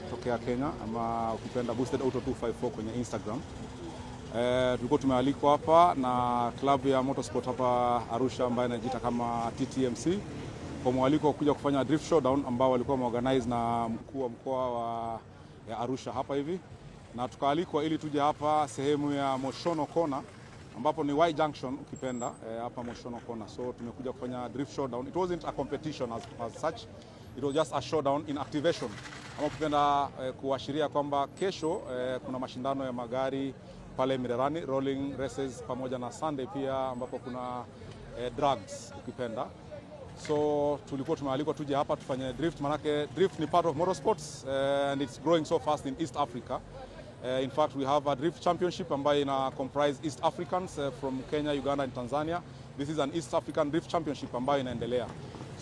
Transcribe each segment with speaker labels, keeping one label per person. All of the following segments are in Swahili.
Speaker 1: tokea Kenya ama ukipenda Boosted Auto 254 kwenye Instagram. Eh, tulikuwa tumealikwa hapa na club ya motorsport hapa Arusha ambayo inajiita kama TTMC kwa mwaliko kuja kufanya drift showdown ambao walikuwa wameorganize na mkuu wa mkoa wa Arusha hapa hivi, na tukaalikwa ili tuje hapa sehemu ya Moshono Kona ambapo ni Y Junction ukipenda e, hapa Moshono Kona. So tumekuja kufanya drift showdown. It wasn't a competition as, as such it was just a showdown in activation, ama kupenda eh, kuashiria kwamba kesho eh, kuna mashindano ya magari pale Mererani, rolling races pamoja na Sunday pia ambapo kuna eh, drugs ukipenda. So tulikuwa tumealikwa tuje hapa tufanye drift, manake drift ni part of motorsports eh, and it's growing so fast in East Africa. eh, in fact we have a drift championship ambayo ina comprise East Africans eh, from Kenya, Uganda and Tanzania. This is an East African drift championship ambayo inaendelea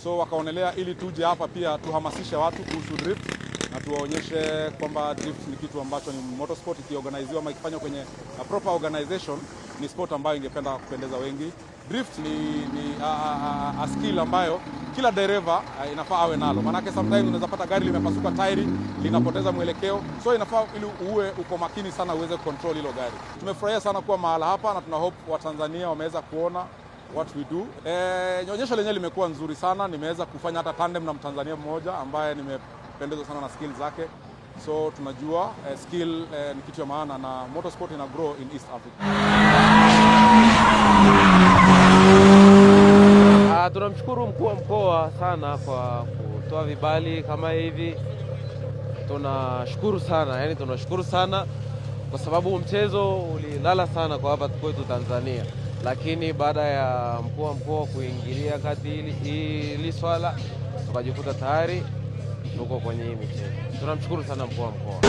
Speaker 1: so wakaonelea ili tuje hapa pia tuhamasishe watu kuhusu drift na tuwaonyeshe kwamba drift ni kitu ambacho ni motorsport ikiorganiziwa ama ikifanywa kwenye a proper organization ni sport ambayo ingependa kupendeza wengi. Drift ni, ni a, a, a skill ambayo kila dereva inafaa awe nalo, maanake sometimes unaweza pata gari limepasuka tairi linapoteza mwelekeo, so inafaa ili uwe uko makini sana uweze control hilo gari. Tumefurahia sana kuwa mahala hapa na tuna hope Watanzania wameweza kuona what we do. Eh, onyesho lenyewe limekuwa nzuri sana, nimeweza kufanya hata tandem na Mtanzania mmoja ambaye nimependezwa sana na skill zake, so tunajua eh, skill eh, ni kitu ya maana na motorsport ina grow in East Africa.
Speaker 2: Ah, tunamshukuru mkuu wa mkoa sana kwa kutoa vibali kama hivi, tunashukuru sana yani, tunashukuru sana kwa sababu mchezo ulilala sana kwa hapa kwetu Tanzania lakini baada ya mkuu wa mkoa kuingilia kati hili swala tukajikuta tayari tuko kwenye hii michezo. Tunamshukuru sana mkuu wa mkoa.